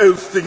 el señor